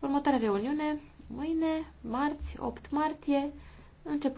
Următoarea reuniune, mâine, marți, 8 martie, începând